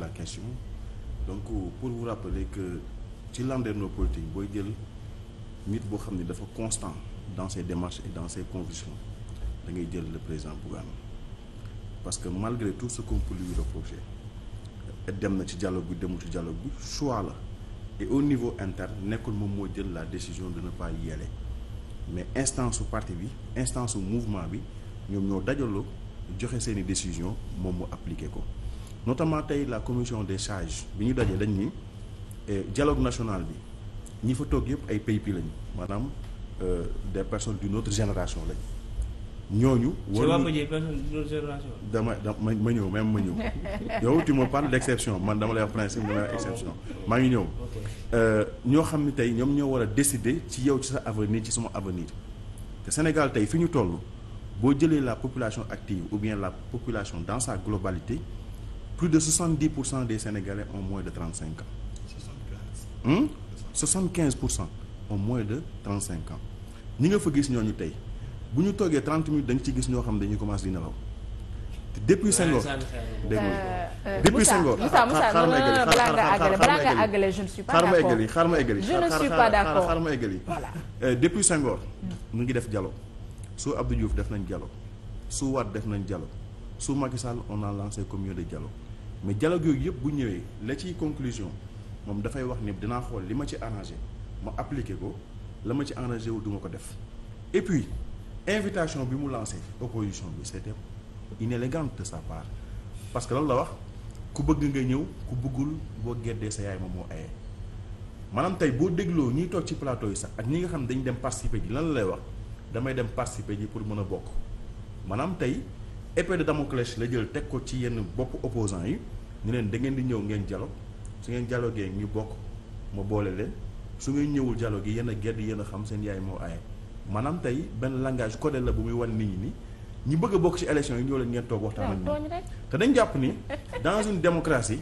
la question donc pour vous rappeler que ci landerneau politique booy jël nit boo xam ne dafa constant dans ses démarches et dans ses convictions da jël le président Bougane parce que malgré tout ce qu'on peut lui reprocher dem na ci dialogue bi demul ci dialogue bi choix la et au niveau inter nekkul moom moo jël la décision de ne pas y mais instance su parti bi instance su mouvement bi ñoom ñoo dajaloo joxe seeni décision moom mu appliqué ko notamment tey la commission des sages bi ñu dajee dañ ni eh, dialogue national bi ñi fa toog yëpp ay pays pi lañu maanaam euh, des personnes du autre génération lañ ñooñu. waruñu ma personne d'une autre dama dama ma ñëw même ma ñëw yow tu me parles d'exception man dama lay wax principe dama lay maa ngi ñëw. Euh, ñoo xam ne tey ñoom ñoo war a décider ci yow ci sa avenir ci sama avenir te Sénégal tey fi ñu toll boo jëlee la population active ou bien la population dans sa globalité. plus de 70 pour cent des Sénégalais ont moins de 35 ans. 75 hmm? 75 pour cent ont moins de cinq ans ñi nga fa gis ñoo ñooñu tey bu ñu toogee 30 minutes da nga ci gis ñoo xam dañuy commencé di nelaw te depuis Senghor. dégg nga depuis Senghor. Moussa Moussa non non non balaa nga àggale balaa nga àggale je ne ma eggali xaaral ma eggali. je ma eggali. depuis Senghor. mu ngi def dialogue su Abdou Diouf def nañ dialogue su Wade def nañ dialogue su Macky on a lancé comité de mais dialogue yooyu yëpp bu ñëwee la ciy conclusion moom dafay wax ni dinaa xool li ma ci arrangé ma appliqué ko la ma ci arrangé wu ko def et puis invitation bi mu lancé opposition bi c'était inélégante de sa part parce que loolu la wax ku bëgg nga ñëw ku bëggul boo geddee sa yaay moom moo aye maanaam tey boo dégloo ñuy toog ci plateau yi sax ak ñi nga xam ne dañu dem participer ji lan lay wax damay dem participer ji pour mën a bokk maanaam tey épée de Damoclès la jël teg ko ci yenn bopp opposants yi ñu leen da di ñëw ngeen dialogue su ngeen dialoguee ñu bokk ma boole leen su ngeen ñëwul dialogue gi yéen a gedd yéen a xam seen yaay moo aaye maanaam tey benn langage codé la bu muy wan nit ñi ni ñi bëgg bokk ci élection yi ñoo leen ngeen toog waxtaan ak ñoom te jàpp ni dans une démocratie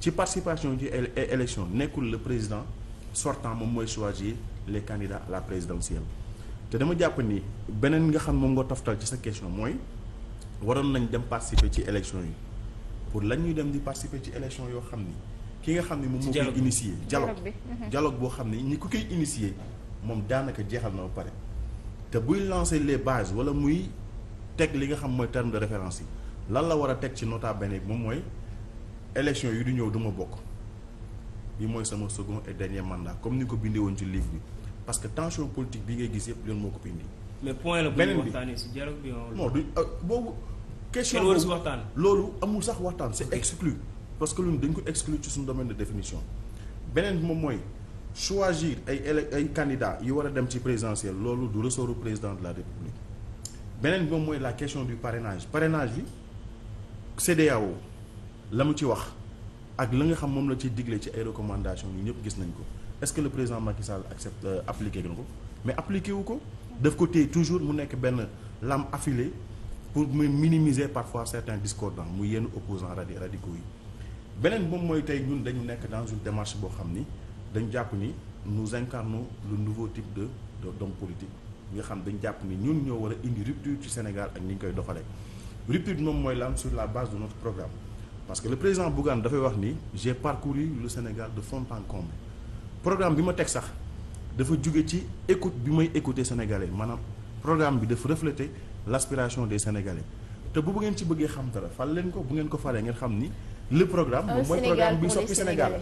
ci participation ci élection nekkul le président sortant moom mooy choisir les candidats à la présidentielle te dama jàpp nii beneen nga xam moom nga toftal ci sa question mooy waroon nañ dem participer ci élection yi pour lañ ñuy dem di participer ci élection yoo xam ni ki nga xam ni mu moo koy initier dialogue bi mhm. dialogue boo xam ni ñi koy initier moom daanaka jeexal na ba pare te buy lancer les bases wala muy teg li nga xam mooy terme de référence yi lan la war a teg ci nota bene moom mooy élection yi du ñëw du bokk bi mooy sama second et dernier mandat comme ni ko bindee ci livre bi parce que tension politique bi ngay gis yëpp loolu moo ko bindi mais point la bu ñu waxtaanee si dialogue euh, boobu. question boobu waxtaan. loolu amul sax waxtaan c'est exclu que lu dañ ko exclu ci suñu domaine de définition beneen bi moom mooy choisir ay ay candidats yi war a dem ci présidentiel loolu du ressortu président de la république beneen bi moom mooy la question du parrainage parrainage bi CEDEAO la mu ci wax ak la nga xam moom la ciy digle ci ay recommandation yu ñëpp gis nañ ko est-ce le président Macky Sall accepte euh, appliqué na ko mais appliqué wu ko. daf ko téye toujours mu nekk benn lam affilée pour mu minimiser parfois certains discordants mu yenn opposants radi radicaux yi beneen moom mooy tey ñun dañu nekk dans une démarche boo xam ni dañu jàpp ni nous incarnons lu nouveau type de d'homme politique ñi nga xam dañu jàpp ni ñun ñoo war a indi rupture ci Sénégal ak ni ñu koy doxalee rupture bi moom mooy la sur la base de notre programme parce que le président Bougane dafay wax ni j'ai parcouru lu Sénégal de fond en programme bi ma teg sax dafa jóge ci écoute bi may écouter sénégalais maanaam programme bi dafa refléter l'aspiration de sénégalais te bu ngeen ci bëggee xam dara fal leen ko bu ngeen ko falee ngeen xam ni le programme moom mooy programme bi soppi Sénégal